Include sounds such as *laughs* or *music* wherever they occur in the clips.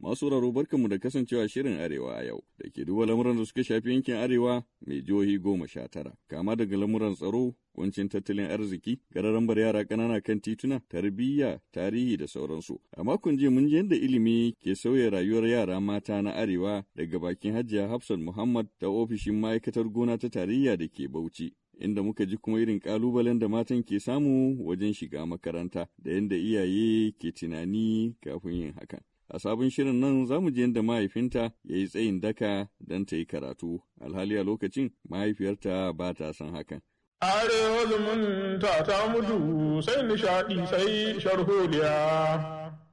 Masu raro barkanmu da kasancewa shirin Arewa a yau da ke duba lamuran da suka shafi yankin Arewa mai jihohi goma sha tara, kama daga lamuran tsaro, kuncin tattalin arziki, gararambar yara ƙanana kan tituna, tarbiyya, tarihi da sauransu. A makon jiya mun ji yadda ilimi ke sauya rayuwar yara mata na Arewa daga bakin Hajiya Hafsat Muhammad ta ofishin ma'aikatar gona ta tarayya da ke Bauchi. inda muka ji kuma irin ƙalubalen da matan ke samu wajen shiga makaranta da yadda iyaye ke tunani kafin yin hakan. A sabon shirin nan za mu je yadda mahaifinta ya yi tsayin daka don ta yi karatu, alhali a lokacin mahaifiyarta ba ta san hakan. Are zumunta ta mutu sai nishaɗi sai sharholiya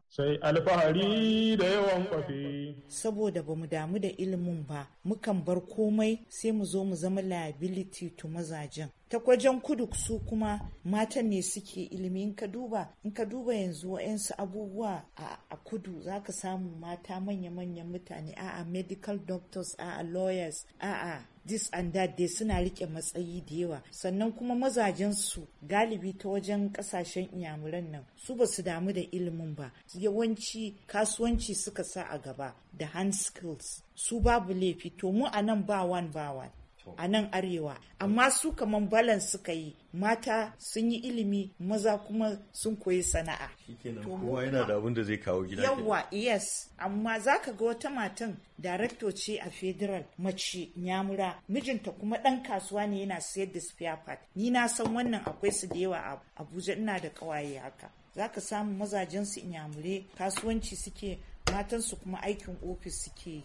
sai alfahari da yawan kwafe. Saboda ba mu damu da ilimin ba, mukan bar komai sai mu zo mu zama liability to mazajen. ta kwajen kudu su kuma matan ne suke ilimi in ka duba in ka duba yanzu wa'yansu abubuwa a kudu za ka samu mata manya-manyan mutane a a medical doctors a a lawyers a a this and that dai suna rike matsayi da yawa sannan kuma mazajen su galibi ta wajen kasashen inyamuran nan su ba su damu da ilimin ba yawanci kasuwanci suka sa a gaba da hand skills su babu laifi to mu a nan ba wan ba wan a nan arewa amma su kamar balan suka yi mata sun yi ilimi maza kuma sun koyi sana'a kowa yana da abin da zai kawo gida yawwa yes amma za ka ga wata matan director ce a federal mace nyamura mijinta kuma dan kasuwa ne yana sayar da spare part ni na san wannan akwai su da yawa a abuja ina da kawaye haka zaka samu mazajen su inyamure kasuwanci suke matansu kuma aikin ofis suke yi.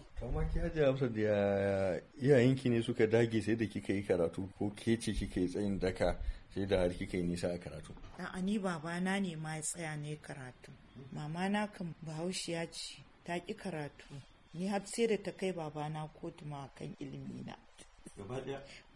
ki amsa da iyayenki ne suka dage sai da kika yi karatu ko ke ce kika yi tsayin daka sai da har kika yi nisa a karatu. A'a ni babana ne ma ya tsaya ne karatu. Mama na kan bahaushiya ce ta ki karatu. Ni har sai da ta kai babana kotu ma kan ilimi na.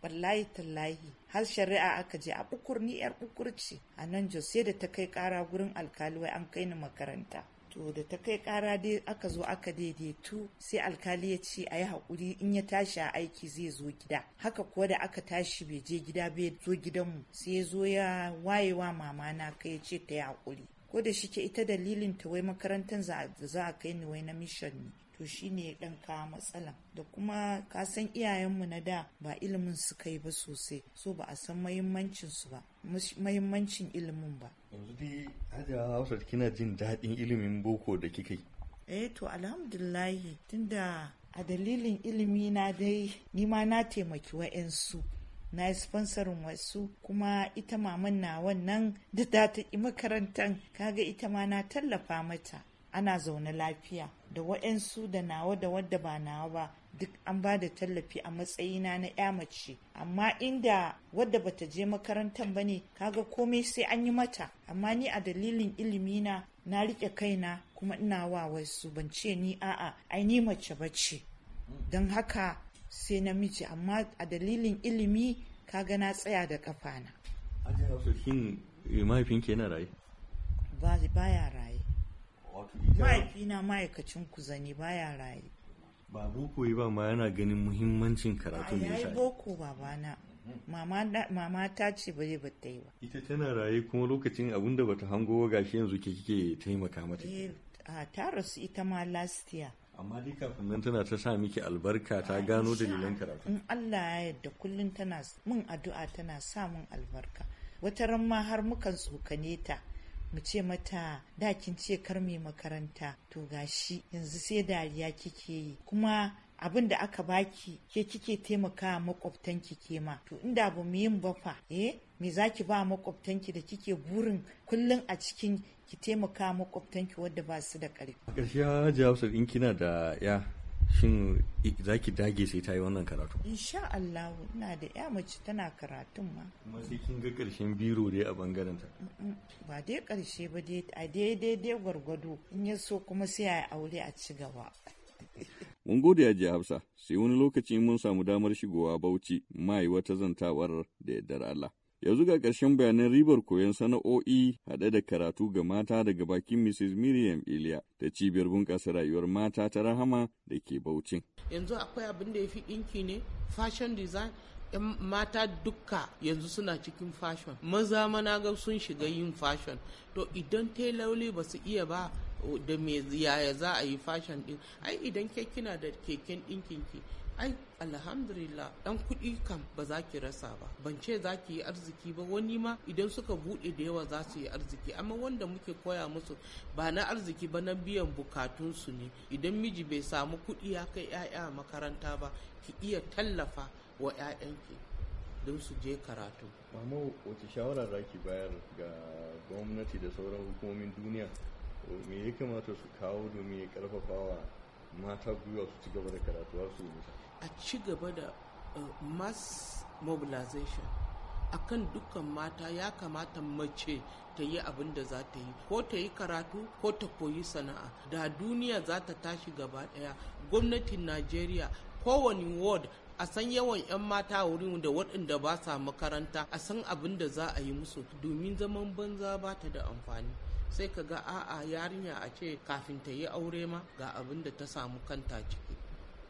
wallahi tallahi har shari'a aka je a bukur ni yar bukur ce a nan jos sai da ta kai kara gurin alkali wai an kai ni makaranta to da ta kai kara da aka zo aka daidaitu sai alkali ya ce a yi haƙuri in ya tashi a aiki zai zo gida haka kuwa da aka tashi bai je gida bai zo gidanmu sai ya zo ya wayewa mama na kai ya ce ta yi haƙuri ko da shike ita dalilin ta wai makarantar za a kai ni wai na mission ne to shine ɗan ka matsala da kuma ka san iyayenmu na da ba ilimin su kai ba sosai so ba a san mahimmancin su ba mahimmancin ilimin ba yanzu dai hajiya hausa kina jin daɗin ilimin boko da kika yi eh to alhamdulahi tunda a dalilin ilimi na dai nima na taimaki wa'yansu na yi sponsorin wasu kuma ita maman na wannan da ta makarantan makarantar kaga ita ma na tallafa mata ana zaune lafiya da waɗansu da nawa da wadda ba nawa ba duk an ba da tallafi a matsayina na ya mace amma inda wadda bata je makarantar ba ne kaga komai sai an yi mata amma ni a dalilin ilimina na riƙe kaina kuma ina wa wasu ban ce ni a'a ai ni mace ce don haka sai miji amma a dalilin ilimi kaga na tsaya da kafana. Eh, mahaifinki yana raye? Ba ya raye. mahaifina ma'aikacin ku kuzani ya raye ba boko yi ba ma yana ganin muhimmancin karatu ne ya boko babana mama ta ce ba zai bata yi ba ita tana raye kuma lokacin abinda bata hango ga shi yanzu ke kike taimaka mata eh, a ta rasu ita ma last year amma dai kafin nan tana ta sa miki albarka ta gano dalilan karatu in Allah ya yarda kullun tana min addu'a tana sa min albarka wata ran ma har mukan tsokane ta mu ce mata da kin ce kar mai makaranta to gashi yanzu sai dariya kike yi kuma abin da aka baki ke kike taimaka makwabtanki ke ma to inda ba mu yin bafa eh me zaki ba makwabtanki da kike burin kullum a cikin ki taimaka makwabtanki wadda ba su da ƙarfi. Gaskiya Hajji in kina da ya shin za ki dage sai ta yi wannan karatu insha Allah ina da ya mace tana karatun ma kuma sai kin ga karshen biro dai a bangaren ta ba dai karshe ba dai a daidai dai gwargwado in ya so kuma sai a aure a ci gaba *laughs* mun gode a ji Hafsa sai wani lokaci mun samu damar shigowa Bauchi mai wata zantawar da yardar Allah Yanzu ga ƙarshen bayanan ribar koyon sana'o'i haɗe da karatu ga mata daga bakin Mrs. Miriam Iliya da cibiyar bunƙasa rayuwar mata ta rahama da ke Baucin. Yanzu akwai abin da ya fi ɗinki ne, fashion design, 'yan mata dukka yanzu suna cikin fashion. Maza mana ga sun shiga yin fashion. To idan teloli ba su iya ba da me yaya za a yi fashion din Ai idan ke kina da keken ɗinkin ai alhamdulillah dan kuɗi kam ba za ki rasa ba ban ce za ki yi arziki ba wani ma idan suka buɗe da yawa za su yi arziki amma wanda muke koya musu ba na arziki ba na biyan bukatunsu ne idan miji bai samu kuɗi ya kai 'ya'ya makaranta ba ki iya tallafa wa 'ya'yanki don su je karatu. mamu wace shawarar za bayar ga gwamnati da sauran hukumomin duniya me ya kamata su kawo domin ya karfafawa mata gwiwa su ci gaba da karatu su yi a ci gaba da uh, mass mobilization akan dukkan mata ya kamata mace ta yi abin da za ta yi ko ta yi karatu ko ta koyi sana'a da duniya za ta tashi gaba daya gwamnatin najeriya kowane ward a san yawan 'yan mata wurin da waɗanda ba sa makaranta a san abin da za a yi musu domin zaman banza ba ta da amfani sai ka ga a'a yarinya a ce kafin ta yi aure ma ga abin da ta samu kanta ciki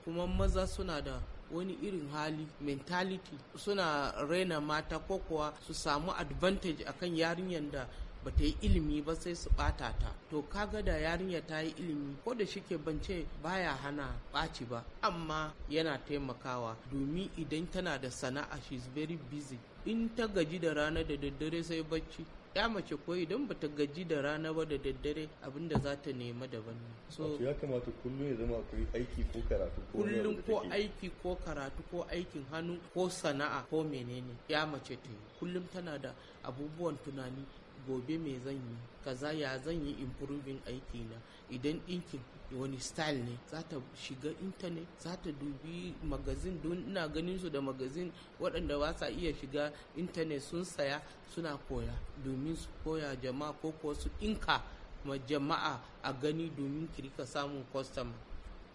kuma maza suna da wani irin hali mentality suna raina mata ko kuwa su samu advantage akan yarinyar da ba ta yi ilimi ba sai su bata ta to kaga da yarinya ta yi ilimi ko da shike bance baya hana ɓaci ba amma yana taimakawa domin idan tana da sana'a she is very busy in ta gaji da rana da daddare sai bacci ya mace koyi don bata gaji da rana ba da daddare abinda za ta nema daban so ya kamata kullum ya zama akwai aiki ko karatu ko kullum ko aiki ko karatu ko aikin hannu ko sana'a ko menene ya mace ta yi kullum tana da abubuwan tunani gobe me zan yi kaza ya zan yi improving aiki na idan ɗinkin wani style ne za ta shiga intanet za ta dubi magazin don ina ganin su da magazin waɗanda ba sa iya shiga intanet sun saya suna koya domin su koya jama'a ko kuwa su ɗinka ma jama'a a gani domin kirka samun kwastama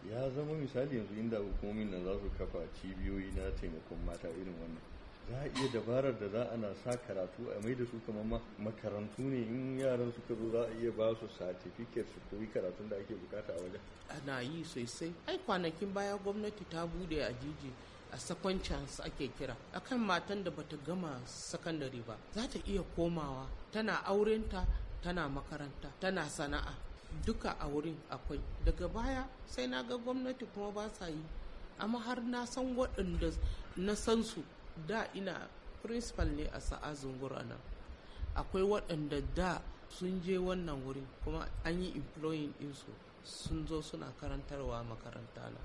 ya zama misali yanzu inda hukumomin nan za su kafa cibiyoyi na taimakon mata irin wannan za a iya dabarar da za a na sa karatu a mai da su kamar makarantu ne in yaran suka zo za a iya ba su satifiket su koyi karatun da ake bukata a wajen ana yi sosai ai kwanakin baya gwamnati ta bude a jiji a sakon chance ake kira akan matan da bata gama sakandare ba za ta iya komawa tana aurenta tana makaranta tana sana'a duka a wurin akwai daga baya sai na ga gwamnati kuma ba sa yi amma har na san waɗanda na san su da ina principal ne a sa'a zungur a nan akwai waɗanda da sun je wannan wurin kuma an yi employing ɗinsu sun zo suna karantarwa makaranta na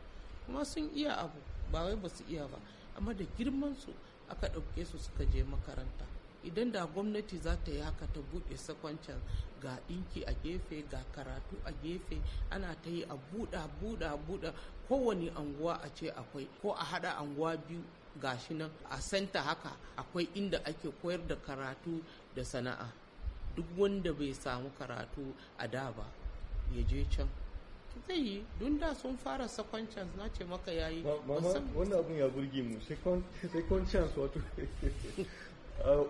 kuma sun iya abu ba wai ba su iya ba amma da girman su aka ɗauke su suka je makaranta idan da gwamnati za ta yi haka ta buɗe sakwancin ga ɗinki a gefe ga karatu a gefe ana ta yi a buɗa buɗa buɗa kowane anguwa a ce akwai ko a haɗa anguwa biyu gashi nan a santa haka akwai inda ake koyar da karatu da sana'a duk wanda bai samu karatu a da ba ya je can zai yi don da sun fara second chance na ce maka yayi wannan abun ya burge mu second chance wato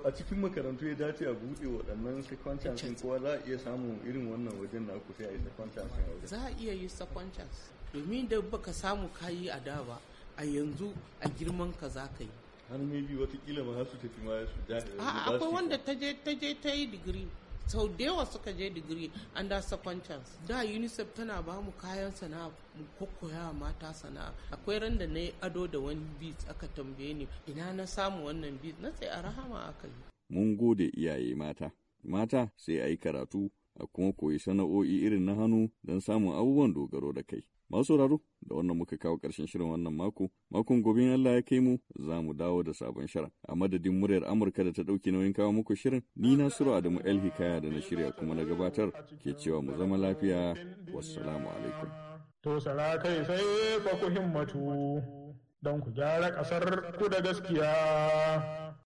a cikin makarantu ya dace a buɗe waɗannan second chance kowa za a iya samun irin wannan wajen na sai a yi second chance za a iya yi second chance domin da baka samu kayi a da ba a yanzu a girman ka za ka yi har mai bi watakila ma har su tafi ma su a akwai wanda ta je ta je ta yi digiri sau da yawa suka je digiri an da sakwancans da unicef tana ba mu kayan sana'a mu kokoya mata sana'a akwai ran da na yi ado da wani bit aka tambaye ni ina na samu wannan bit na sai a rahama aka yi mun gode iyaye mata mata sai a yi karatu a kuma koyi sana'o'i irin na hannu don samun abubuwan dogaro da kai Masu sauraro da wannan muka kawo ƙarshen shirin wannan mako, makon gobe Allah ya kai mu za mu dawo da sabon shirin. A madadin muryar Amurka da ta ɗauki nauyin kawo muku shirin, ni na Suru Adamu El Hikaya da na shirya kuma na gabatar ke cewa mu zama lafiya, wassalamu alaikum. To sara kai sai ku himmatu don ku gyara ƙasar ku da gaskiya.